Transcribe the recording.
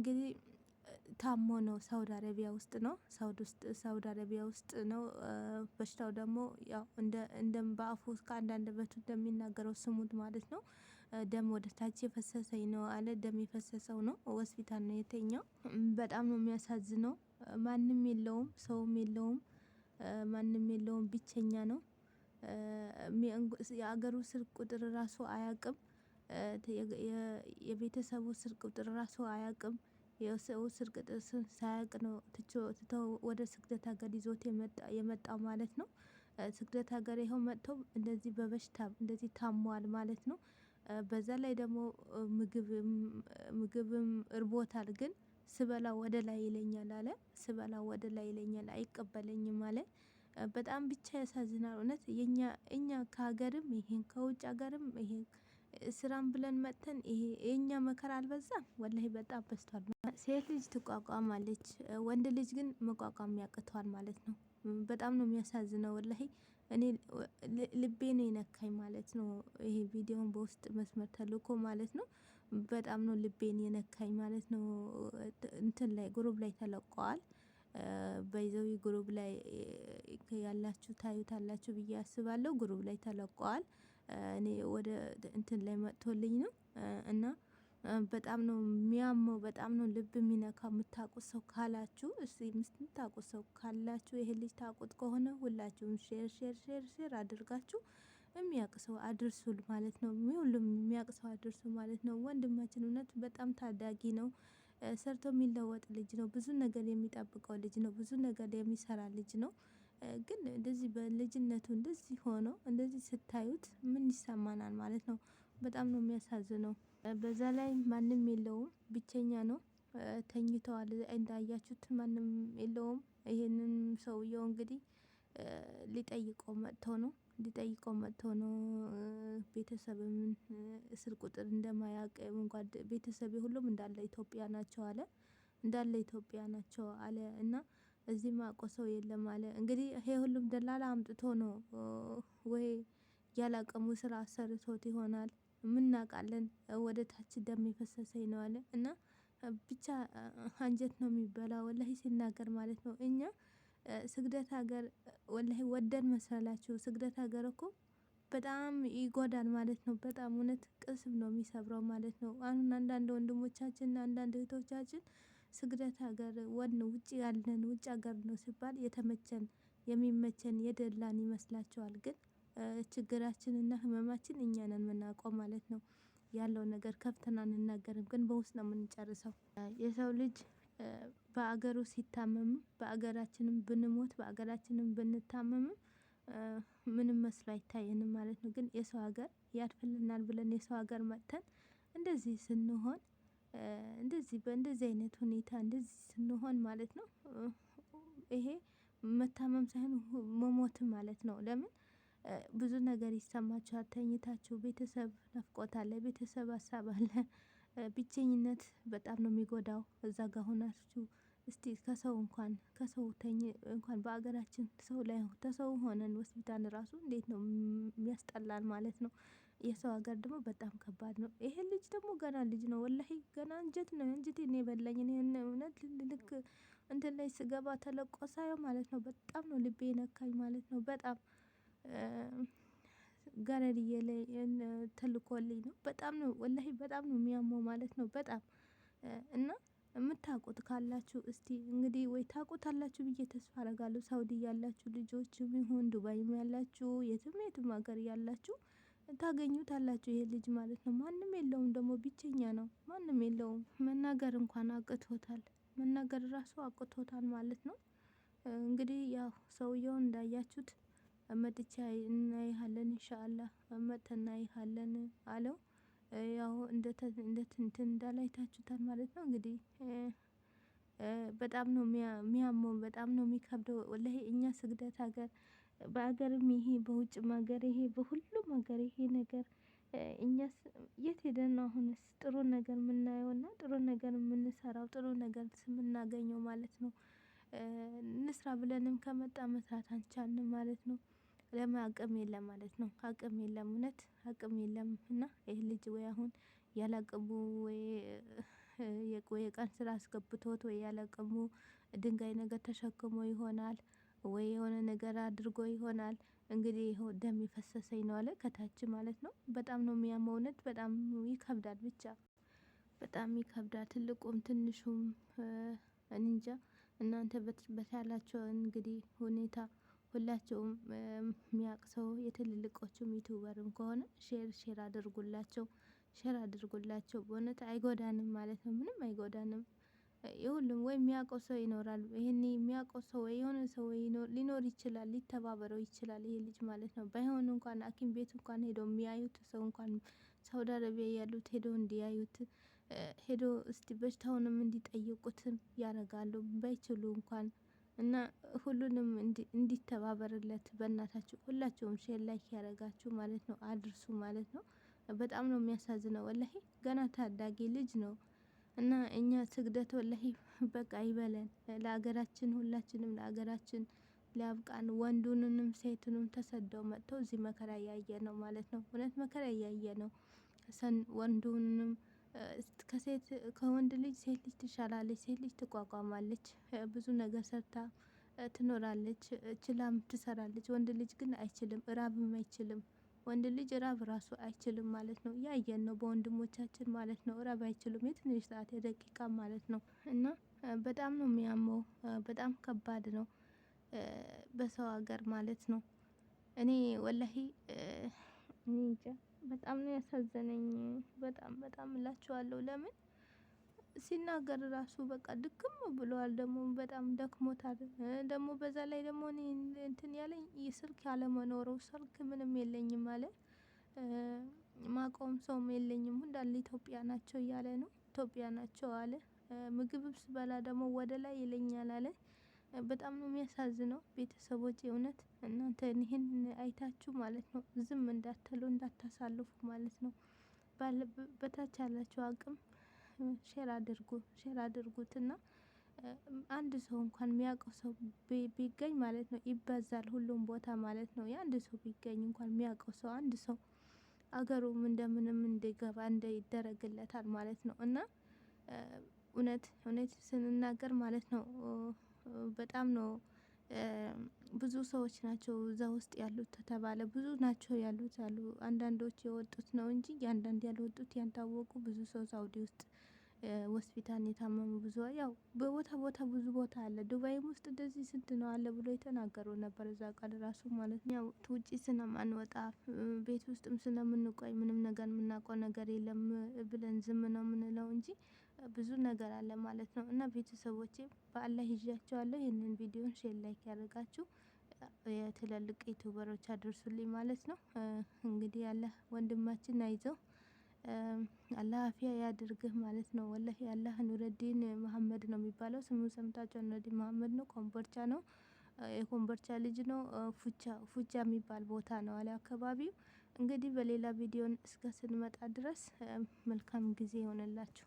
እንግዲህ ታሞ ነው ሳውዲ አረቢያ ውስጥ ነው ሳውዲ አረቢያ ውስጥ ነው። በሽታው ደግሞ ያው እንደ በአፉ ከአንዳንድ በቱ እንደሚናገረው ስሙት ማለት ነው። ደም ወደ ታች የፈሰሰኝ ነው አለ። ደም የፈሰሰው ነው። ሆስፒታል ነው የተኛው። በጣም ነው የሚያሳዝነው። ማንም የለውም፣ ሰውም የለውም፣ ማንም የለውም። ብቸኛ ነው። የአገሩ ስልክ ቁጥር ራሱ አያቅም። የቤተሰቡ ስልክ ቁጥር ራሱ አያቅም። የሰው ስርቅጥ ሳያቅ ነው ትቶ ወደ ስግደት ሀገር ይዞት የመጣው ማለት ነው። ስግደት ሀገር ይኸው መጥተው እንደዚህ በበሽታ እንደዚህ ታሟል ማለት ነው። በዛ ላይ ደግሞ ምግብም እርቦታል፣ ግን ስበላ ወደ ላይ ይለኛል አለ። ስበላ ወደ ላይ ይለኛል አይቀበለኝም አለ። በጣም ብቻ ያሳዝናል እውነት የኛ እኛ ከሀገርም ይሄን ከውጭ ሀገርም ይሄን ስራም ብለን መጥተን ይሄ የእኛ መከራ አልበዛም? ወላሂ በጣም በስቷል ሴት ልጅ ትቋቋማለች፣ ወንድ ልጅ ግን መቋቋም ያቅተዋል ማለት ነው። በጣም ነው የሚያሳዝነው። ወላሂ እኔ ልቤ ነው የነካኝ ማለት ነው። ይሄ ቪዲዮን በውስጥ መስመር ተልኮ ማለት ነው። በጣም ነው ልቤን የነካኝ ማለት ነው። እንትን ላይ ግሩብ ላይ ተለቀዋል። በይዘዊ ግሩብ ላይ ያላችሁ ታዩታላችሁ ብዬ አስባለሁ። ግሩብ ላይ ተለቀዋል። እኔ ወደ እንትን ላይ መጥቶልኝ ነው እና በጣም ነው የሚያመው። በጣም ነው ልብ የሚነካ። የምታውቁት ሰው ካላችሁ እስቲ የምታውቁት ሰው ካላችሁ ይሄ ልጅ ታውቁት ከሆነ ሁላችሁም ሼር ሼር ሼር ሼር አድርጋችሁ የሚያውቅ ሰው አድርሱል ማለት ነው። ሁሉም የሚያውቅ ሰው አድርሱ ማለት ነው። ወንድማችን እውነት በጣም ታዳጊ ነው። ሰርቶ የሚለወጥ ልጅ ነው። ብዙ ነገር የሚጠብቀው ልጅ ነው። ብዙ ነገር የሚሰራ ልጅ ነው። ግን እንደዚህ በልጅነቱ እንደዚህ ሆኖ እንደዚህ ስታዩት ምን ይሰማናል ማለት ነው። በጣም ነው የሚያሳዝነው። በዛ ላይ ማንም የለውም፣ ብቸኛ ነው፣ ተኝተዋል። እንዳያችሁት ማንም የለውም። ይህንን ሰውየው እንግዲህ ሊጠይቀው መጥቶ ነው ሊጠይቀው መጥቶ ነው። ቤተሰብም ስልክ ቁጥር እንደማያውቅ ቤተሰብ ሁሉም እንዳለ ኢትዮጵያ ናቸው አለ እንዳለ ኢትዮጵያ ናቸው አለ እና እዚህ ማቆ ሰው የለም አለ። እንግዲህ ይሄ ሁሉም ደላላ አምጥቶ ነው ወይ ያላቀሙ ስራ አሰርቶት ይሆናል። ምናቃለን። ወደ ታች ደም የፈሰሰኝ ነው አለ እና ብቻ አንጀት ነው የሚበላ ወላሂ ሲናገር ማለት ነው። እኛ ስግደት ሀገር ወላሂ ወደን መሰላችሁ። ስግደት ሀገር እኮ በጣም ይጎዳል ማለት ነው። በጣም እውነት ቅስም ነው የሚሰብረው ማለት ነው። አሁን አንዳንድ ወንድሞቻችን አንዳንድ እህቶቻችን ስግደት ሀገር ወን ውጭ ያለን ውጭ ሀገር ነው ሲባል የተመቸን የሚመቸን የደላን ይመስላቸዋል። ግን እና ህመማችን እኛ ነን የምናውቀው ማለት ነው። ያለው ነገር ከፍተን አንናገርም፣ ግን በውስጥ ነው የምንጨርሰው። የሰው ልጅ በአገሩ ሲታመም በአገራችንም ብንሞት በአገራችንም ብንታመምም ምንም መስሎ አይታየንም ማለት ነው። ግን የሰው ሀገር ያድፍልናል ብለን የሰው ሀገር መጥተን እንደዚህ ስንሆን እንደዚህ በእንደዚህ አይነት ሁኔታ እንደዚህ ስንሆን ማለት ነው ይሄ መታመም ሳይሆን መሞት ማለት ነው። ለምን ብዙ ነገር ይሰማችኋል። ተኝታችሁ ቤተሰብ ናፍቆት አለ፣ ቤተሰብ ሀሳብ አለ። ብቸኝነት በጣም ነው የሚጎዳው። እዛ ጋር ሆናችሁ እስቲ ከሰው እንኳን ከሰው ተኝ እንኳን በሀገራችን ሰው ላይ ከሰው ሆነን ሆስፒታል ራሱ እንዴት ነው የሚያስጠላል ማለት ነው። የሰው ሀገር ደግሞ በጣም ከባድ ነው። ይሄ ልጅ ደግሞ ገና ልጅ ነው። ወላሂ ገና እንጀት ነው እንጀት እንጀቴን የበላኝ። ይህን እውነት ልክ እንትን ላይ ስገባ ተለቆ ሳየው ማለት ነው በጣም ነው ልቤ ነካኝ ማለት ነው። በጣም ገረድዬ ላይ ተልኮልኝ ነው። በጣም ነው ወላሂ በጣም ነው የሚያመው ማለት ነው። በጣም እና የምታውቁት ካላችሁ እስቲ እንግዲህ ወይ ታውቁታላችሁ ብዬ ተስፋ አረጋለሁ። ሳውዲ ያላችሁ ልጆችም ይሁን ዱባይም ያላችሁ የትም የትም ሀገር ያላችሁ ታገኙታላችሁ ይሄ ልጅ ማለት ነው። ማንም የለውም ደግሞ ብቸኛ ነው። ማንም የለውም። መናገር እንኳን አቅቶታል። መናገር ራሱ አቅቶታል ማለት ነው። እንግዲህ ያው ሰውየውን እንዳያችሁት መጥቻ እናይሃለን እንሻአላ መጥተ እናይሃለን አለው። ያው እንደት እንትን እንዳላይታችሁታል ማለት ነው። እንግዲህ በጣም ነው የሚያመው፣ በጣም ነው የሚከብደው። ወላሂ እኛ ስግደት ሀገር በአገርም ይሄ በውጭም ሀገር ይሄ በሁሉም ሀገር ይሄ ነገር እኛስ የት ሄደን ነው አሁንስ ጥሩ ነገር የምናየው እና ጥሩ ነገር የምንሰራው ጥሩ ነገር የምናገኘው ማለት ነው። እንስራ ብለንም ከመጣ መስራት አልቻልንም ማለት ነው። ለምን አቅም የለም ማለት ነው። አቅም የለም እውነት አቅም የለም እና ይህ ልጅ ወይ አሁን ያላቅሙ ወይ የቀን ስራ አስገብቶት ወይ ያላቅሙ ድንጋይ ነገር ተሸክሞ ይሆናል ወይ የሆነ ነገር አድርጎ ይሆናል። እንግዲህ ይኸው ደም የፈሰሰኝ ነው አለ ከታች ማለት ነው። በጣም ነው የሚያመው። እውነት በጣም ይከብዳል። ብቻ በጣም ይከብዳል። ትልቁም ትንሹም እንጃ እናንተ በቻላቸው እንግዲህ ሁኔታ ሁላቸውም የሚያውቅ ሰው የትልልቆቹም ዩቱበርም ከሆነ ሼር ሼር አድርጉላቸው፣ ሼር አድርጉላቸው። በእውነት አይጎዳንም ማለት ነው። ምንም አይጎዳንም። የሁሉም ወይ የሚያውቀው ሰው ይኖራል። ይህን የሚያውቀው ሰው ወይ የሆነ ሰው ሊኖር ይችላል፣ ሊተባበረው ይችላል ይሄ ልጅ ማለት ነው። ባይሆን እንኳን ሐኪም ቤት እንኳን ሄደው የሚያዩት ሰው እንኳን ሳውዲ አረቢያ ያሉት ሄዶ እንዲያዩት ሄዶ እስቲ በሽታውንም እንዲጠይቁትም ያደርጋሉ። ባይችሉ እንኳን እና ሁሉንም እንዲተባበርለት በእናታችሁ ሁላችሁም ሼር ላይክ ያደረጋችሁ ማለት ነው አድርሱ ማለት ነው። በጣም ነው የሚያሳዝነው ወላሂ ገና ታዳጊ ልጅ ነው። እና እኛ ስግደት ወላሂ በቃ ይበለን ለሀገራችን ሁላችንም ለሀገራችን ሊያብቃን። ወንዱንንም ሴቱንም ተሰደው መጥተው እዚህ መከራ እያየ ነው ማለት ነው። እውነት መከራ እያየ ነው። ወንዱንም ከሴት ከወንድ ልጅ ሴት ልጅ ትሻላለች፣ ሴት ልጅ ትቋቋማለች፣ ብዙ ነገር ሰርታ ትኖራለች፣ ችላም ትሰራለች። ወንድ ልጅ ግን አይችልም፣ እራብም አይችልም። ወንድ ልጅ ራብ ራሱ አይችልም ማለት ነው። ያየን ነው በወንድሞቻችን ማለት ነው። ራብ አይችሉም የትንሽ ሰዓት የደቂቃ ማለት ነው። እና በጣም ነው የሚያመው። በጣም ከባድ ነው በሰው ሀገር ማለት ነው። እኔ ወላሂ እኔ እንጃ በጣም ነው ያሳዘነኝ። በጣም በጣም እላችኋለሁ ለምን ሲናገር ራሱ በቃ ድክም ብለዋል። ደግሞ በጣም ደክሞታል። ደግሞ በዛ ላይ ደግሞ እንትን ያለኝ የስልክ ያለመኖሩ ስልክ ምንም የለኝም አለ። ማቆም ሰውም የለኝም እንዳለ ኢትዮጵያ ናቸው እያለ ነው። ኢትዮጵያ ናቸው አለ። ምግብም ስበላ ደግሞ ወደ ላይ ይለኛል አለ። በጣም ነው የሚያሳዝነው። ቤተሰቦች እውነት እናንተ ይህን አይታችሁ ማለት ነው ዝም እንዳትሉ እንዳታሳልፉ ማለት ነው። በታች ያላችሁ አቅም ሼር አድርጉ ሼር እና አንድ ሰው እንኳን የሚያውቀው ሰው ቢገኝ ማለት ነው ይበዛል፣ ሁሉም ቦታ ማለት ነው። የአንድ ሰው ቢገኝ እንኳን የሚያውቀው ሰው አንድ ሰው አገሩም እንደምንም እንዲገባ እንደይደረግለታል ማለት ነው። እና እውነት እውነት ስንናገር ማለት ነው በጣም ነው ብዙ ሰዎች ናቸው እዛ ውስጥ ያሉት ተተባለ ብዙ ናቸው ያሉት አሉ። አንዳንዶች የወጡት ነው እንጂ አንዳንድ ያልወጡት ያልታወቁ ብዙ ሰው ሳውዲ ውስጥ ሆስፒታል የታመሙ ብዙ ያው በቦታ ቦታ ብዙ ቦታ አለ። ዱባይም ውስጥ እንደዚህ ስንት ነው አለ ብሎ የተናገሩ ነበር። እዛ ቃል ራሱ ማለት ነው። ውጭ ስለማንወጣ ቤት ውስጥም ስለምንቆይ ምንም ነገር የምናውቀው ነገር የለም ብለን ዝም ነው የምንለው እንጂ ብዙ ነገር አለ ማለት ነው። እና ቤተሰቦቼ በአላህ ይዣቸዋለሁ። ይህንን ቪዲዮን ሼር ላይክ ያደርጋችሁ የትላልቅ ዩቱበሮች አድርሱልኝ ማለት ነው። እንግዲህ ያለ ወንድማችን አይዘው አላህ አፊያ ያድርግህ ማለት ነው። ወላህ የአላህ ኑረዲን መሀመድ ነው የሚባለው። ስሙ ሰምታቸው ኑረዲን መሐመድ ነው። ኮምቦልቻ ነው፣ የኮምቦልቻ ልጅ ነው። ፉቻ ፉቻ የሚባል ቦታ ነው አለ አካባቢው። እንግዲህ በሌላ ቪዲዮን እስከ ስንመጣ ድረስ መልካም ጊዜ ይሆንላችሁ።